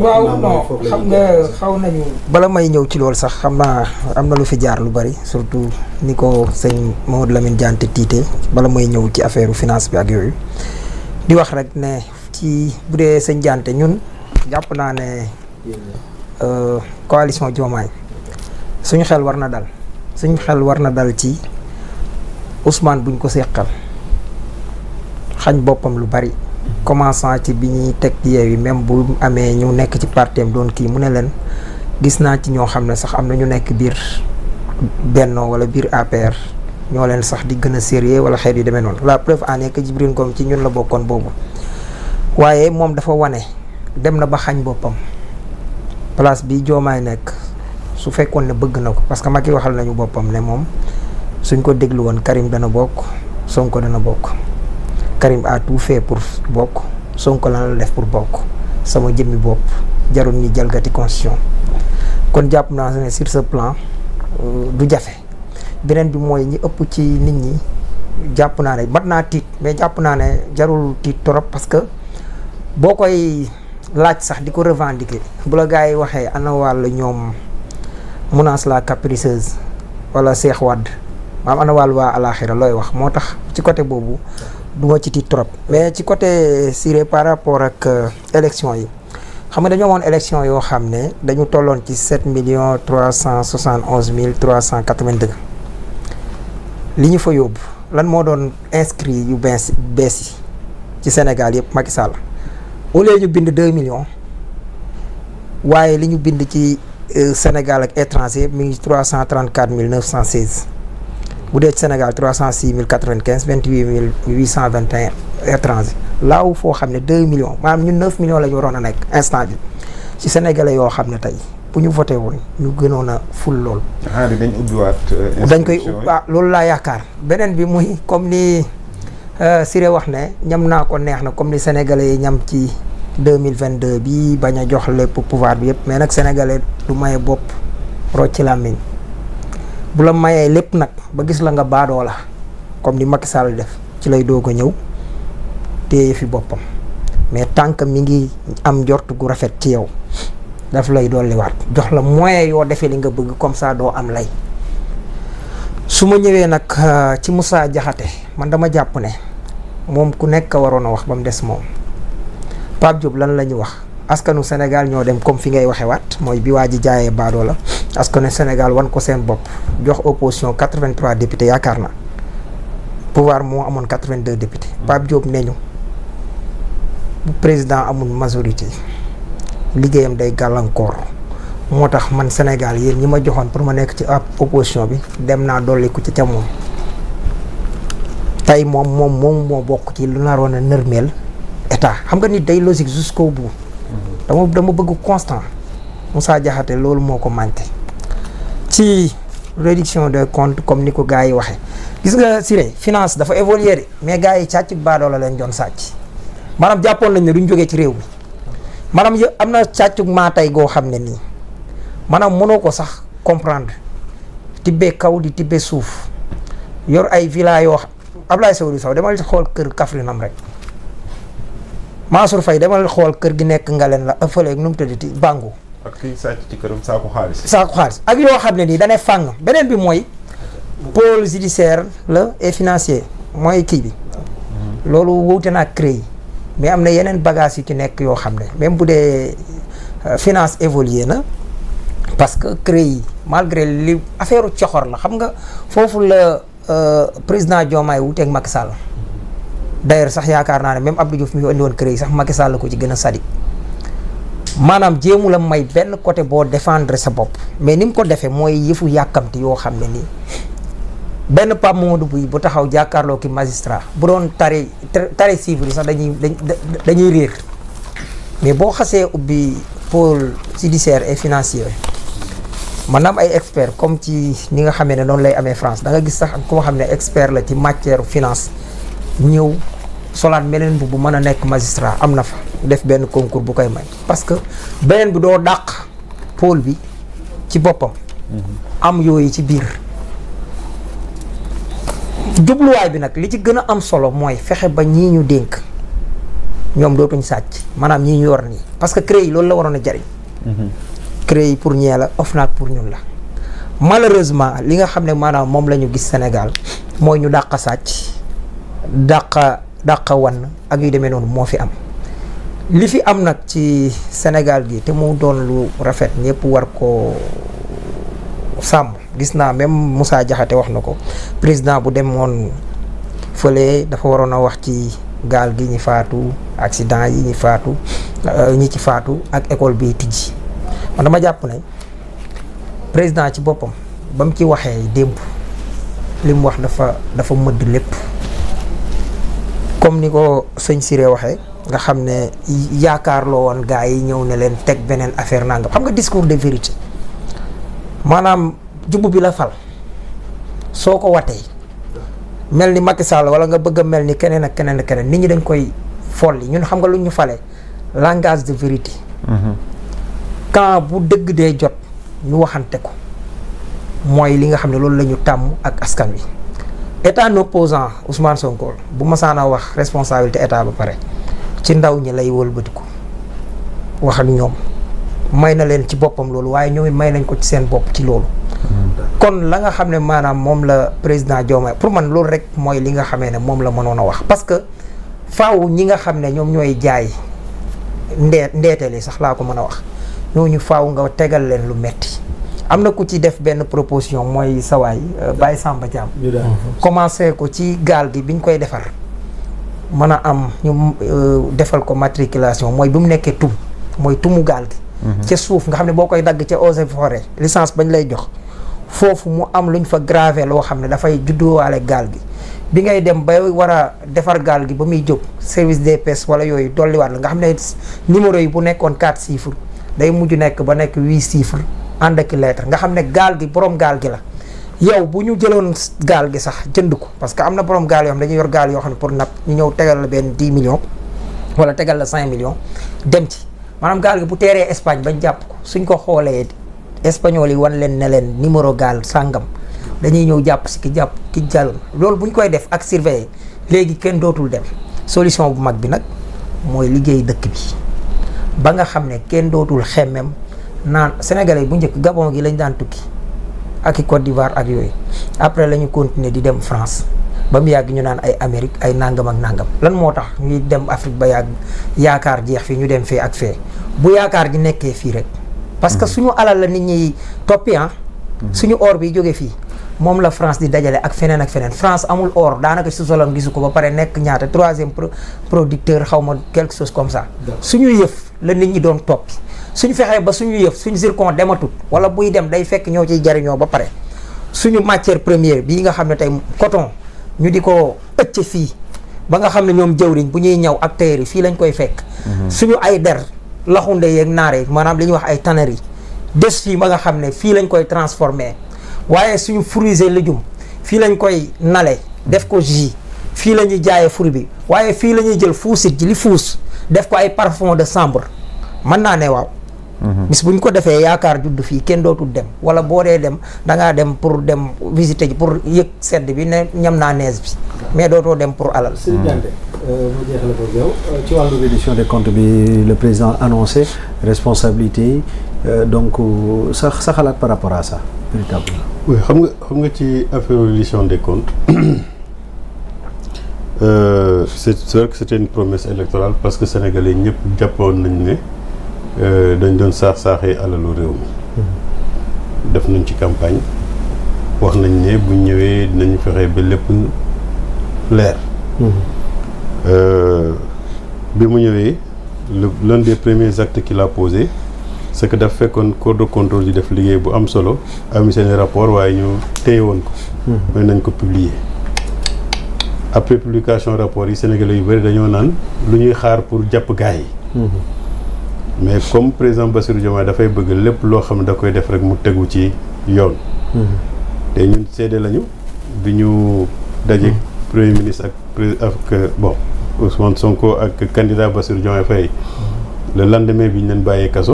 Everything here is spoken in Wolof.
waaw non bala may ñëw ci loolu sax xam am na lu fi jaar lu bari surtout ni ko sëñ Mamadou Lamine Diante tiite bala may ñëw ci affaire finance bi ak yooyu. di wax rek ne ci bu dee sëñ Diante ñun jàpp naa ne euh, coalition Diomaye suñu xel war na dal suñu xel war na dal ci Ousmane buñ ko seqal xañ boppam lu bari. commençant ci bi ñuy teg yeew yi même bu amee ñu nekk ci partem doon kii mu ne leen gis naa ci ñoo xam ne sax am na ñu nekk biir Benno wala biir APR ñoo leen sax di gën a sérieux wala xeet yu demee noonu la preuve en est que Djibril Ngom ci ñun la bokkoon boobu waaye moom dafa wane dem na ba xañ boppam place bi joomaay nekk su fekkoon ne bëgg na ko parce que Macky waxal nañu boppam ne moom suñ ko déglu woon Karim dana bokk Sonko dana bokk Karim a tout fait pour bokk Sonko lan la def pour bokk sama jëmmi bopp jarul ni jalgati constitution kon jàpp naa ne sur sa plan euh, du jafe beneen bi mooy ñi ëpp ci nit ñi jàpp naa ne mat naa tiit mais jàpp naa ne jarul tiit trop parce que boo koy laaj sax di ko revendiquer bu la gars yi waxee ana wàll ñoom menace la capriceuse wala Cheikh Wade maam ana waa alaxira looy wax moo tax ci côté boobu du ma ci tiit trop mais ci côté Siré par rapport ak euh, élection yi xam nga dañoo amoon élection yoo xam ne dañu tolloon ci sept million trois cent soixante onze mille trois cent quatre vingt deux li ñu fa yóbbu lan moo doon inscrit yu bees bees yi ci Sénégal yëpp Macky Sall au ñu bind deux million waaye li ñu bind ci euh, Sénégal ak étranger mi ngi trois cent trente quatre mille neuf cent seize bu dee mille ci Sénégal 306 095 28 821 étranger laaw foo xam ne 2 millions maanaam ñun 9 millions la ñu waroon a nekk instant bi ci sénégalais yoo xam ne tey bu ñu voté woon ñu gënoon a ful lool. Ah, dañ ubbiwaat. Euh, dañ koy ah loolu laa yaakaar beneen bi muy comme ni euh, Siré wax ne ñam naa ko neex na comme ni sénégalais yi ñam ci 2022 bi bañ a jox lépp pouvoir bi yëpp mais nag sénégalais du maye bopp rocc làmmiñ bu la mayee lépp nag ba gis la nga baadoo la comme ni Macky Sall def ci lay doog a ñëw te fi boppam mais tànk mi ngi am njort gu rafet ci yow daf lay dolliwaat jox la moyen yoo defee li nga bëgg comme ça doo am lay su ma ñëwee nag euh, ci Moussa Diakhaté man dama jàpp ne moom ku nekk waroon a wax ba mu des moom Pape Diop lan la ñu wax askanu Sénégal ñoo dem comme fi ngay waxe waat mooy bi waa ji jaayee baadoo la ne Sénégal wan ko seen bopp jox opposition 83 députés yaakaar na pouvoir moo amoon 82 députés. Pape Diop ne ñu président amul majorité liggéeyam day gàllankoor moo tax man Sénégal yéen ñi ma joxoon pour ma nekk ci opposition bi dem naa dolliku ci ca moom. tey moom moom moom moo bokk ci lu naroon a nërmeel état xam nga nit day logique jusqu'au bout. Mm-hmm. dama dama bëgg constant Moussa Diakhaté loolu moo ko manqué. si réduction de compte comme ni ko gars yi waxee gis nga Siré finance dafa évoluer de mais gars yi càcc la lañ joon sàcc maanaam jàppoon nañ ne duñ jógee ci réew mi maanaam yow am na càccug maa tey goo xam ne nii maanaam mënoo ko sax comprendre tibbee kaw di tibbee suuf yor ay villa yoo xam Ablaye Sow saw demal xool kër Kaffrine am rek Mansour Faye demal xool kër gi nekk nga leen la ëppaleeg nu mu tëddati Bango. ak kiy sàcc ci këram xaalis. ak yoo xam ne nii danay fàng beneen bi mooy pôle judiciaire la et financier mooy kii bi hmm. loolu wuute naa ak CREI mais am na yeneen bagages yi ci nekk yoo xam ne même bu dee euh, finance évoluer na parce que CREI malgré li affaire u coxor la xam nga foofu la euh, président Diomaye wuuteeg Macky Sall hmm. d'ailleurs sax yaakaar naa ne même Abdou Diouf mi fi andi woon sax Macky la ko ci gën a sadik maanaam jéemu la may benn côté boo défendre sa bopp mais ni mu ko defee mooy yëfu yàkkamti yoo xam ne nii benn Pape Mamadou Bouy bu taxaw jàkkaarloo ki magistrat bu doon tare tare civil sax dañuy dañuy réer mais boo xasee ubbi pôle judiciaire et financier maanaam ay expert comme ci ni nga xamee ne noonu lay amee France da nga gis sax koo xam ne expert la ci matière finance ñëw solaat beneen bu bu mën a nekk magistrat am na fa def benn concours bu koy may parce que beneen bi doo dàq pool bi ci boppam mhm. am yooyu ci biir jubluwaay bi nag li ci gën a am solo mooy fexe ba ñii ñu dénk ñoom dootuñ sàcc maanaam ñii ñu yor nii parce que CREI yi loolu la waroon a jariñ mhm. CREI yi pour ñee la OFNAC pour ñun la malheureusement li nga xam ne maanaam moom lañu gis Sénégal mooy ñu dàq sàcc dàq dàqa wan ak yu demee noonu moo fi am li fi am nag ci Sénégal gi te mu doon lu rafet ñëpp war ko sàmm gis naa même Moussa Diakhaté wax na ko président bu dem demoon fële dafa waroon a wax ci gaal gi ñi faatu accident yi ñi faatu euh, ñi ci faatu ak école bi tijji man dama jàpp ne président ci boppam ba ci waxee démb li wax dafa dafa mëdd lépp comme ni ko sëñ Siré waxee nga xam ne yaakaarloo woon gars yi ñëw ne leen teg beneen affaire nangam xam nga discours de vérité maanaam jubbu bi la fal soo ko watee mel ni Macky Sall wala nga bëgg a mel ni keneen ak keneen ak keneen nit ñi dañ koy folli ñun xam nga lu ñu fale langage de vérité. Mhm. quand bu dëgg dee jot ñu waxante ko mooy li nga xam ne loolu lañu tàmm ak askan wi. état opposant Ousmane Sonko bu masaana wax responsabilité état ba pare ci ndaw ñi lay wëlbatiku wax ak ñoom may na leen ci boppam loolu waaye ñoom may nañ ko ci seen bopp ci loolu. kon la nga xam ne maanaam moom la président Diomaye pour man loolu rek mooy li nga xamee ne moom la mënoon a wax parce que faaw ñi nga xam ne ñoom ñooy jaay ndee ndeeteel yi sax laa ko mën a wax ñooñu faw nga tegal leen lu metti am na ku ci def benn proposition mooy sawaay euh, Baye Samba Diam mhm. commencé ko ci gaal gi bi ñu koy defar mën a am ñu euh, defal ko matriculation mooy bi mu nekkee tum mooy tumu gaal gi mhm. ca suuf nga xam ne boo koy dagg ca eaux et forêt licence bañ lay jox foofu mu am lu ñu fa gravé loo xam ne dafay judduwaale gaal gi bi ngay dem ba war a defar gaal gi ba muy jóg service de pes wala yooyu dolliwaat la nga xam ne numéro yi bu nekkoon 4 chiffres day mujj nekk ba nekk 8 chiffres ànd ak lettre nga xam ne gaal gi borom gaal gi la yow bu ñu jëloon gaal gi sax jënd ko parce que am na borom gaal yoo xam dañuy yor gaal yoo xam ne pour napp ñëw tegal la benn 10 millions wala tegal la 5 millions dem ci maanaam gaal gi bu teeree Espagne bañ jàpp suñ ko xoolee espagnol yi wan leen ne leen numéro gaal sàngam dañuy ñëw jàpp si jàpp ki jàll loolu bu koy def ak surveiller léegi kenn dootul dem solution bu mag bi nag mooy liggéey dëkk bi ba nga xam ne kenn dootul xemmem naan sénégalais bu njëkk gabon gi lañu daan tukki ak i Côte d'Ivoire ak yooyu après la ñu continuer di dem France ba mu yàgg ñu naan ay Amérique ay nangam ak nangam lan moo tax ñuy dem Afrique ba yàgg yaakaar jeex fii ñu dem fee ak fee bu yaakaar ji nekkee fii rek. parce que mm-hmm. suñu alal la nit ñi toppi ah. Mm-hmm. suñu or bi jógee fii. moom la France di dajale ak feneen ak feneen France amul or daanaka si solam gisu ko ba pare nekk ñaata troisième producteur xaw ma quelque chose comme ça. suñu yëf la nit ñi doon toppi suñu fexee ba suñu yëf suñu zircon dematut wala buy dem day fekk ñoo ciy jariñoo ba pare suñu matière première bii nga xam ne tey coton ñu di ko ëcc fii ba nga xam ne ñoom jëwriñ bu ñuy ñaw ak tailleur yi fii lañ koy fekk. Mhm. suñu ay der laxunde yeeg naare maanaam li ñuy wax ay tannerie des fii ba nga xam ne fii lañ koy transformé. waaye suñu fruits et légumes fii lañ koy nale def ko jus fii la ñuy jaayee fruit bi waaye fii la ñuy jël fuusit ji li fuus def ko ay parfum de chambre mën naa ne waaw. Mhm. bis bu ñu ko defee yaakaar juddu fii kenn dootul dem wala boo dee dem da ngaa dem pour dem visiter ji pour yëg sedd bi ne ñam naa nees bi mais dootoo dem pour alal. sëñ Diagne mhm. euh, ma jeexal ko yow euh, ci wàllu reddition des comptes bi le président annoncé responsabilité Euh, donc sa sa xalaat par rapport à xam nga xam nga ci affaire reddition des comptes euh, c'est vrai que c'était une promesse électorale parce que sénégalais ñëpp jàppoon nañu ne euh, dañ doon saax saaxee alalu réew mi. Mm-hmm. def nañ ci campagne wax nañ ne buñ ñëwee dinañ fexee ba lépp leer. Mm-hmm. Euh, bi mu ñëwee l'un des premiers actes qu'il a posé. ce que daf fekkoon corps de contrôle di def liggéey bu am solo am seen rapport waaye ñu téye woon ko. mën hmm. nañ ko publier. après publication rapport yi sénégalais yu bëri dañoo naan lu ñuy xaar pour jàpp gars yi. Hmm. mais comme président Bassirou Diomaye dafay bëgg lépp loo xam ne da koy def rek mu tegu ci yoon. Hmm. te ñun seede lañu bi ñu daje premier ministre ak pré ak bon Ousmane Sonko ak candidat Bassirou Diomaye Faye le lendemain bi ñu leen bàyyee ka